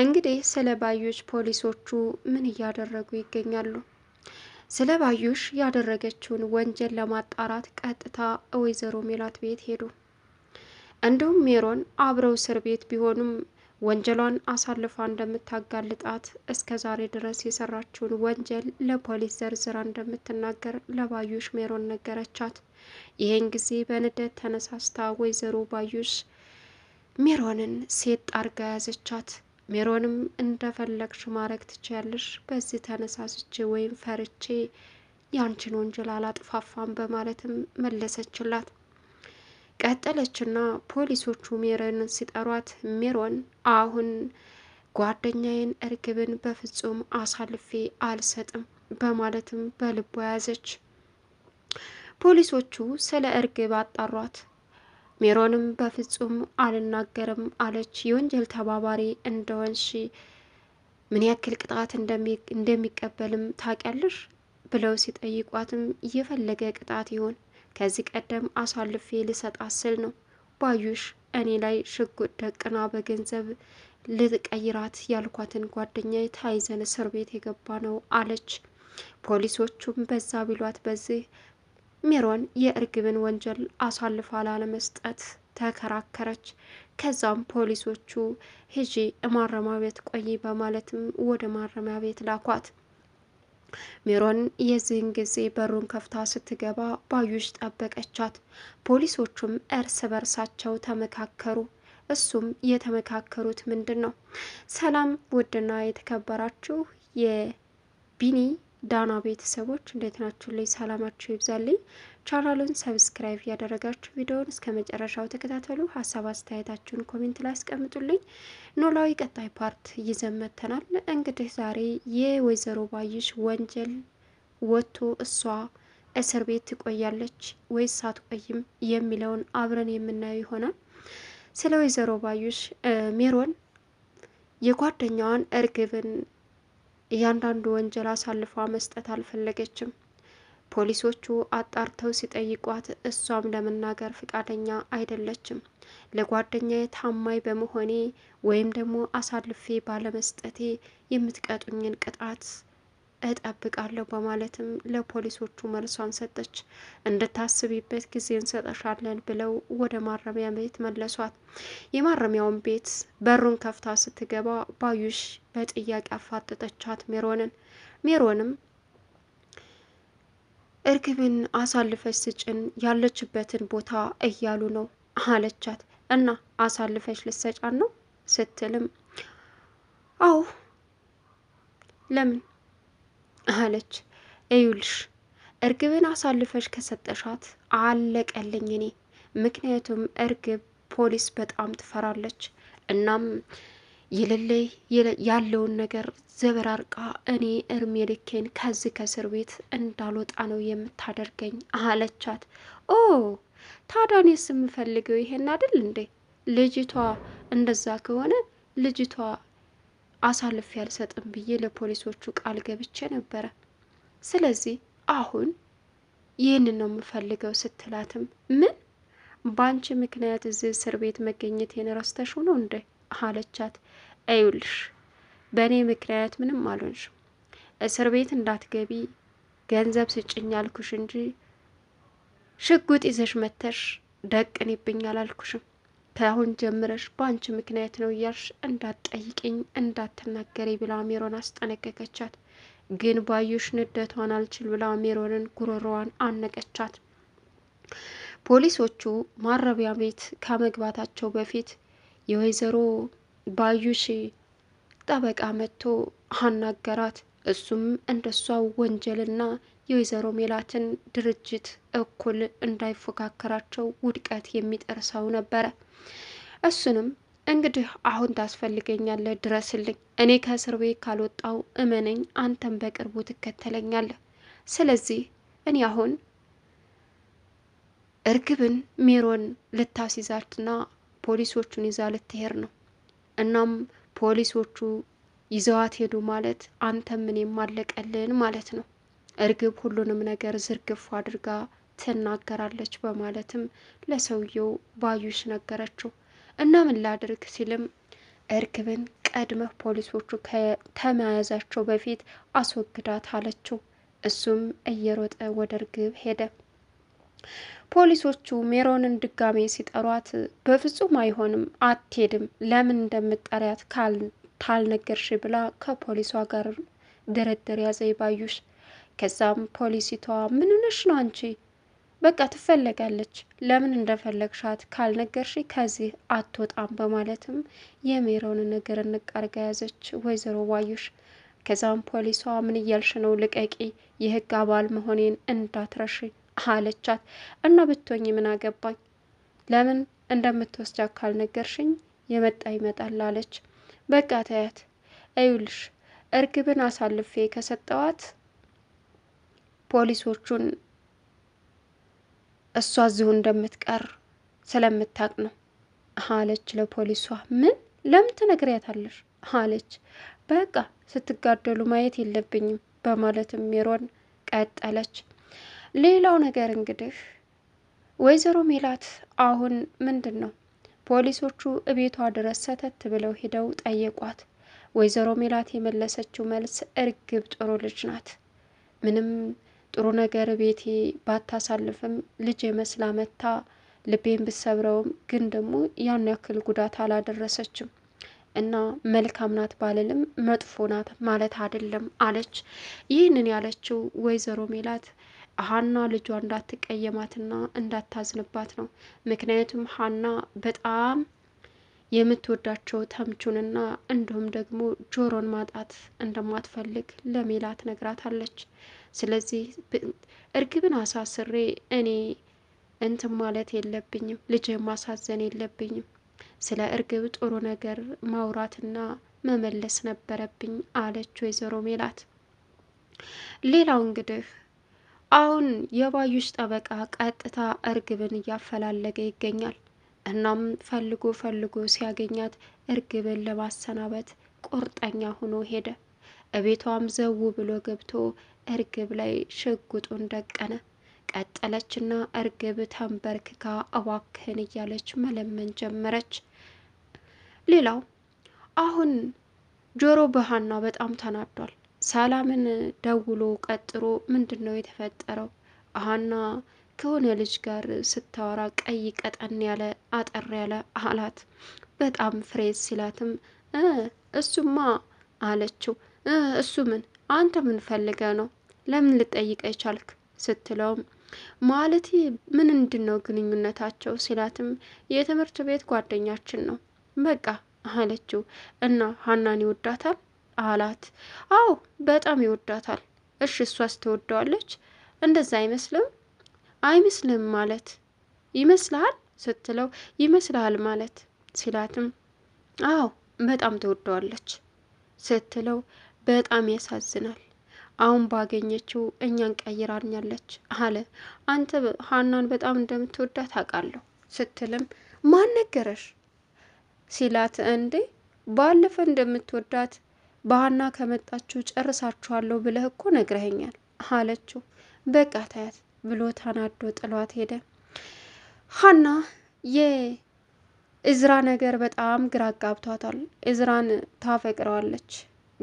እንግዲህ ስለ ባዩሽ ፖሊሶቹ ምን እያደረጉ ይገኛሉ? ስለ ባዩሽ ያደረገችውን ወንጀል ለማጣራት ቀጥታ ወይዘሮ ሜላት ቤት ሄዱ። እንዲሁም ሜሮን አብረው እስር ቤት ቢሆኑም ወንጀሏን አሳልፋ እንደምታጋልጣት እስከ ዛሬ ድረስ የሰራችውን ወንጀል ለፖሊስ ዘርዝራ እንደምትናገር ለባዩሽ ሜሮን ነገረቻት። ይህን ጊዜ በንደት ተነሳስታ ወይዘሮ ባዩሽ ሜሮንን ሴት ጣርጋ ያዘቻት። ሜሮንም እንደፈለግሽ ማድረግ ትችያለሽ፣ በዚህ ተነሳስቼ ወይም ፈርቼ ያንቺን ወንጀል አላጥፋፋም በማለትም መለሰችላት። ቀጠለችና ፖሊሶቹ ሜሮንን ሲጠሯት ሜሮን አሁን ጓደኛዬን እርግብን በፍጹም አሳልፌ አልሰጥም በማለትም በልቧ ያዘች። ፖሊሶቹ ስለ እርግብ አጣሯት። ሜሮንም በፍጹም አልናገርም አለች። የወንጀል ተባባሪ እንደሆንሽ ምን ያክል ቅጣት እንደሚቀበልም ታውቂያለሽ ብለው ሲጠይቋትም እየፈለገ ቅጣት ይሆን ከዚህ ቀደም አሳልፌ ልሰጣት ስል ነው ባዩሽ እኔ ላይ ሽጉጥ ደቅና በገንዘብ ልቀይራት ያልኳትን ጓደኛ ታይዘን እስር ቤት የገባ ነው አለች። ፖሊሶቹም በዛ ቢሏት በዚህ ሚሮን የእርግብን ወንጀል አሳልፋ ላለመስጠት ተከራከረች። ከዛም ፖሊሶቹ ሂጂ ማረሚያ ቤት ቆይ በማለትም ወደ ማረሚያ ቤት ላኳት። ሚሮን የዚህን ጊዜ በሩን ከፍታ ስትገባ ባዩሽ ጠበቀቻት። ፖሊሶቹም እርስ በርሳቸው ተመካከሩ። እሱም የተመካከሩት ምንድን ነው? ሰላም ውድና የተከበራችሁ የቢኒ ዳና ቤተሰቦች እንዴት ናችሁ? ልኝ ሰላማችሁ ይብዛልኝ። ቻናሉን ሰብስክራይብ ያደረጋችሁ ቪዲዮውን እስከ መጨረሻው ተከታተሉ። ሀሳብ አስተያየታችሁን ኮሜንት ላይ አስቀምጡልኝ። ኖላዊ ቀጣይ ፓርት ይዘመተናል። እንግዲህ ዛሬ የወይዘሮ ባይሽ ወንጀል ወጥቶ እሷ እስር ቤት ትቆያለች ወይስ አትቆይም የሚለውን አብረን የምናየው ይሆናል። ስለ ወይዘሮ ባዩሽ ሜሮን የጓደኛዋን እርግብን እያንዳንዱ ወንጀል አሳልፏ መስጠት አልፈለገችም። ፖሊሶቹ አጣርተው ሲጠይቋት እሷም ለመናገር ፍቃደኛ አይደለችም። ለጓደኛዬ ታማኝ በመሆኔ ወይም ደግሞ አሳልፌ ባለመስጠቴ የምትቀጡኝን ቅጣት እጠብቃለሁ በማለትም ለፖሊሶቹ መልሷን ሰጠች። እንድታስቢበት ጊዜ እንሰጠሻለን ብለው ወደ ማረሚያ ቤት መለሷት። የማረሚያውን ቤት በሩን ከፍታ ስትገባ ባዩሽ በጥያቄ አፋጠጠቻት ሜሮንን። ሜሮንም እርግብን አሳልፈች ስጭን ያለችበትን ቦታ እያሉ ነው አለቻት። እና አሳልፈች ልሰጫን ነው ስትልም አዎ ለምን አለች። እዩልሽ እርግብን አሳልፈሽ ከሰጠሻት አለቀልኝ እኔ። ምክንያቱም እርግብ ፖሊስ በጣም ትፈራለች። እናም የሌለይ ያለውን ነገር ዘበራርቃ እኔ እርሜ ልኬን ከዚህ ከእስር ቤት እንዳልወጣ ነው የምታደርገኝ አለቻት። ኦ ታዳኔስ የምፈልገው ይሄን አይደል እንዴ? ልጅቷ እንደዛ ከሆነ ልጅቷ አሳልፌ አልሰጥም ብዬ ለፖሊሶቹ ቃል ገብቼ ነበረ። ስለዚህ አሁን ይህንን ነው የምፈልገው ስትላትም ምን በአንቺ ምክንያት እዚህ እስር ቤት መገኘቴን ረስተሽ ነው እንዴ አለቻት። እዩልሽ በእኔ ምክንያት ምንም አልሆንሽም። እስር ቤት እንዳትገቢ ገንዘብ ስጭኝ አልኩሽ እንጂ ሽጉጥ ይዘሽ መተሽ ይብኛል አልኩሽም? ከአሁን ጀምረሽ በአንቺ ምክንያት ነው እያልሽ እንዳትጠይቅኝ እንዳትናገሪ ብላ ሜሮን አስጠነቀቀቻት። ግን ባዩሽ ንደቷን አልችል ብላ ሜሮንን ጉሮሮዋን አነቀቻት። ፖሊሶቹ ማረቢያ ቤት ከመግባታቸው በፊት የወይዘሮ ባዩሽ ጠበቃ መጥቶ አናገራት። እሱም እንደሷ ወንጀልና የወይዘሮ ሜላትን ድርጅት እኩል እንዳይፎካከራቸው ውድቀት የሚጠርሰው ነበረ። እሱንም እንግዲህ አሁን ታስፈልገኛለህ፣ ድረስልኝ። እኔ ከእስር ቤት ካልወጣው እመነኝ፣ አንተም በቅርቡ ትከተለኛለህ። ስለዚህ እኔ አሁን እርግብን ሜሮን ልታስይዛትና ፖሊሶቹን ይዛ ልትሄድ ነው። እናም ፖሊሶቹ ይዘዋት ሄዱ ማለት አንተም እኔም አለቀልን ማለት ነው። እርግብ ሁሉንም ነገር ዝርግፍ አድርጋ ትናገራለች በማለትም ለሰውየው ባዩሽ ነገረችው። እና ምን ላድርግ ሲልም እርግብን ቀድመህ ፖሊሶቹ ከተመያዛቸው በፊት አስወግዳት አለችው። እሱም እየሮጠ ወደ እርግብ ሄደ። ፖሊሶቹ ሜሮንን ድጋሜ ሲጠሯት በፍጹም አይሆንም፣ አትሄድም፣ ለምን እንደምጠሪያት ታልነገርሽ ብላ ከፖሊሷ ጋር ድርድር ያዘ ባዩሽ። ከዛም ፖሊሲቷ ምን ነሽ ነው አንቺ በቃ ትፈለጋለች፣ ለምን እንደፈለግሻት ካልነገርሽ ከዚህ አትወጣም በማለትም የሜሮንን ነገር እንቃርጋ ያዘች ወይዘሮ ዋዩሽ። ከዛም ፖሊሷ ምን እያልሽ ነው? ልቀቂ፣ የህግ አባል መሆኔን እንዳትረሺ አለቻት። እና ብትሆኝ ምን አገባኝ? ለምን እንደምትወስጃ ካልነገርሽኝ የመጣ ይመጣል አለች። በቃ ተያት። እዩልሽ እርግብን አሳልፌ ከሰጠዋት ፖሊሶቹን እሷ እዚሁ እንደምትቀር ስለምታቅ ነው አለች ለፖሊሷ። ምን ለምን ትነግሪያታለሽ አለች። በቃ ስትጋደሉ ማየት የለብኝም በማለትም ሜሮን ቀጠለች። ሌላው ነገር እንግዲህ ወይዘሮ ሜላት አሁን ምንድን ነው ፖሊሶቹ እቤቷ ድረስ ሰተት ብለው ሄደው ጠየቋት። ወይዘሮ ሜላት የመለሰችው መልስ እርግብ ጥሩ ልጅ ናት፣ ምንም ጥሩ ነገር ቤቴ ባታሳልፍም ልጅ መስላ መታ ልቤን ብሰብረውም ግን ደግሞ ያን ያክል ጉዳት አላደረሰችም እና መልካም ናት ባልልም መጥፎ ናት ማለት አይደለም አለች። ይህንን ያለችው ወይዘሮ ሜላት ሀና ልጇ እንዳትቀየማትና እንዳታዝንባት ነው። ምክንያቱም ሀና በጣም የምትወዳቸው ተምቹንና እንዲሁም ደግሞ ጆሮን ማጣት እንደማትፈልግ ለሜላት ነግራታለች። ስለዚህ እርግብን አሳስሬ እኔ እንትን ማለት የለብኝም፣ ልጅህ ማሳዘን የለብኝም። ስለ እርግብ ጥሩ ነገር ማውራትና መመለስ ነበረብኝ አለች ወይዘሮ ሜላት። ሌላው እንግዲህ አሁን የባዩሽ ጠበቃ ቀጥታ እርግብን እያፈላለገ ይገኛል። እናም ፈልጎ ፈልጎ ሲያገኛት እርግብን ለማሰናበት ቁርጠኛ ሆኖ ሄደ። እቤቷም ዘው ብሎ ገብቶ እርግብ ላይ ሽጉጡን ደቀነ። ቀጠለችና እርግብ ተንበርክካ እባክህን እያለች መለመን ጀመረች። ሌላው አሁን ጆሮ በሀና በጣም ተናዷል። ሰላምን ደውሎ ቀጥሮ ምንድን ነው የተፈጠረው? ሀና ከሆነ ልጅ ጋር ስታወራ ቀይ ቀጠን ያለ አጠር ያለ አላት። በጣም ፍሬዝ ሲላትም እሱማ አለችው። እሱ ምን አንተ ምን ፈልገ ነው ለምን ልጠይቅ አይቻልክ? ስትለውም ማለት ምን ምንድን ነው ግንኙነታቸው ሲላትም የትምህርት ቤት ጓደኛችን ነው በቃ አለችው። እና ሀናን ይወዳታል አላት። አዎ በጣም ይወዳታል። እሺ እሷስ ትወደዋለች? እንደዛ አይመስልም። አይመስልም ማለት ይመስልሃል ስትለው ይመስልሃል ማለት ሲላትም አዎ በጣም ትወደዋለች ስትለው በጣም ያሳዝናል። አሁን ባገኘችው እኛን ቀይራኛለች አለ። አንተ ሀናን በጣም እንደምትወዳት አውቃለሁ ስትልም ማን ነገረሽ ሲላት፣ እንዴ ባለፈ እንደምትወዳት በሀና ከመጣችሁ ጨርሳችኋለሁ ብለህ እኮ ነግረኸኛል አለችው። በቃ ታያት ብሎ ታናዶ ጥሏት ሄደ። ሀና የእዝራ ነገር በጣም ግራ አጋብቷታል። እዝራን ታፈቅረዋለች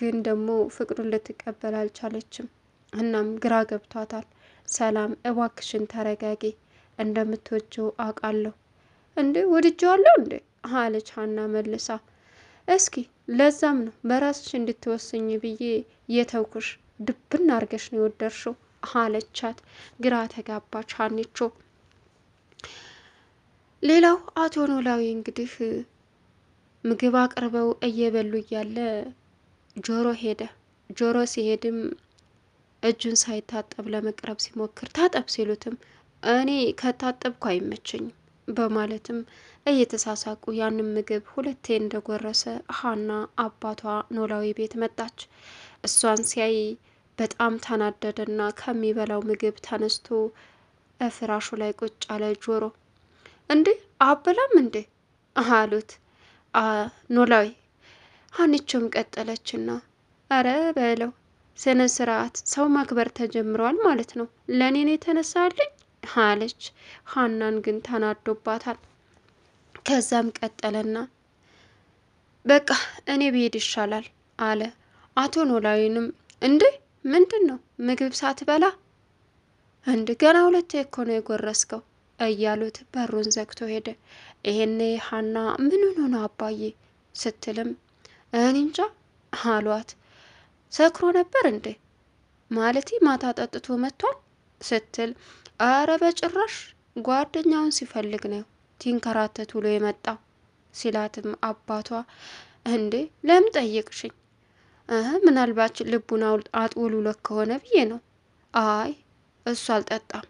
ግን ደግሞ ፍቅሩን ልትቀበል አልቻለችም። እናም ግራ ገብቷታል። ሰላም እባክሽን ተረጋጊ፣ እንደምትወጀው አውቃለሁ። እንዴ አለው እንዴ አለች ሀና መልሳ። እስኪ ለዛም ነው በራስሽ እንድትወስኝ ብዬ የተውኩሽ፣ ድብን አርገሽ ነው የወደድሽው አለቻት። ግራ ተጋባች ሀኒቾ። ሌላው አቶ ኖላዊ እንግዲህ ምግብ አቅርበው እየበሉ እያለ ጆሮ ሄደ። ጆሮ ሲሄድም እጁን ሳይታጠብ ለመቅረብ ሲሞክር ታጠብ ሲሉትም እኔ ከታጠብኩ አይመቸኝም በማለትም እየተሳሳቁ ያንን ምግብ ሁለቴ እንደጎረሰ ሀና አባቷ ኖላዊ ቤት መጣች። እሷን ሲያይ በጣም ተናደደና ከሚበላው ምግብ ተነስቶ ፍራሹ ላይ ቁጭ አለ። ጆሮ እንዴ አበላም እንዴ አሉት ኖላዊ ሀንቾም ቀጠለችና አረ በለው ስነ ስርዓት ሰው ማክበር ተጀምሯል ማለት ነው። ለእኔን ነው የተነሳልኝ አለች። ሀናን ግን ተናዶባታል። ከዛም ቀጠለና በቃ እኔ ብሄድ ይሻላል አለ። አቶ ኖላዊንም እንዴ ምንድን ነው ምግብ ሳትበላ እንድ ገና ሁለት እኮ ነው የጎረስከው እያሉት በሩን ዘግቶ ሄደ። ይሄኔ ሀና ምን ሆኖ አባዬ ስትልም እኔ እንጃ አሏት። ሰክሮ ነበር እንዴ? ማለቴ ማታ ጠጥቶ መጥቷል ስትል፣ አረ በጭራሽ ጓደኛውን ሲፈልግ ነው ቲንከራተት ውሎ የመጣው ሲላትም አባቷ እንዴ ለምን ጠየቅሽኝ? ምናልባች ልቡን አጥውሉሎ ከሆነ ብዬ ነው። አይ እሱ አልጠጣም።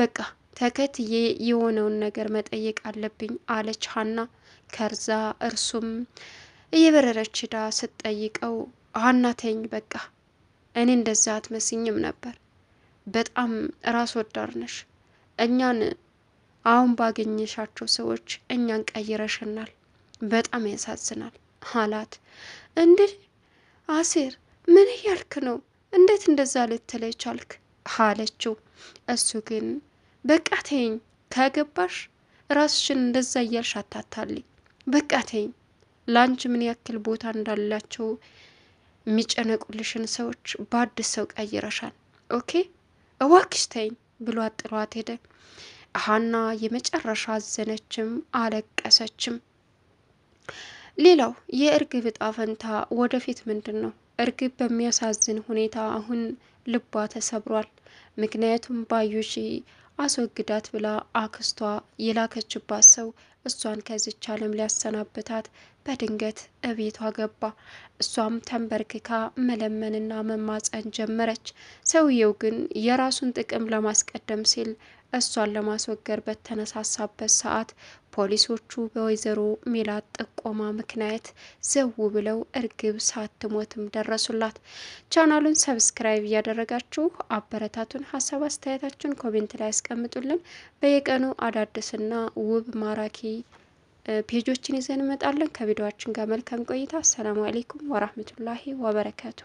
በቃ ተከትዬ የሆነውን ነገር መጠየቅ አለብኝ አለች ሀና። ከርዛ እርሱም እየበረረች ዳ ስትጠይቀው አናተኝ በቃ እኔ እንደዛ አትመስኝም ነበር። በጣም ራስ ወዳድ ነሽ። እኛን አሁን ባገኘሻቸው ሰዎች እኛን ቀይረሽናል። በጣም ያሳዝናል አላት። እንዴ አሴር ምን እያልክ ነው? እንዴት እንደዛ ልትለይ ቻልክ? አለችው። እሱ ግን በቃ ተይኝ፣ ከገባሽ ራስሽን እንደዛ እያልሽ አታታልኝ፣ በቃ ተይኝ ለአንቺ ምን ያክል ቦታ እንዳላቸው የሚጨነቁልሽን ሰዎች በአዲስ ሰው ቀይረሻል። ኦኬ እዋክሽተኝ ብሎ ጥሏት ሄደ። ሀና የመጨረሻ አዘነችም አለቀሰችም። ሌላው የእርግብ እጣ ፈንታ ወደፊት ምንድን ነው? እርግብ በሚያሳዝን ሁኔታ አሁን ልቧ ተሰብሯል። ምክንያቱም ባዩሽ አስወግዳት ብላ አክስቷ የላከችባት ሰው እሷን ከዚች ዓለም ሊያሰናብታት በድንገት እቤቷ ገባ። እሷም ተንበርክካ መለመንና መማፀን ጀመረች። ሰውየው ግን የራሱን ጥቅም ለማስቀደም ሲል እሷን ለማስወገድ በተነሳሳበት ሰዓት ፖሊሶቹ በወይዘሮ ሜላት ጥቆማ ምክንያት ዘው ብለው እርግብ ሳትሞትም ደረሱላት። ቻናሉን ሰብስክራይብ እያደረጋችሁ አበረታቱን። ሀሳብ አስተያየታችሁን ኮሜንት ላይ ያስቀምጡልን። በየቀኑ አዳዲስና ውብ ማራኪ ፔጆችን ይዘን እንመጣለን። ከቪዲዮችን ጋር መልካም ቆይታ። አሰላሙ አሌይኩም ወራህመቱላሂ ወበረከቱ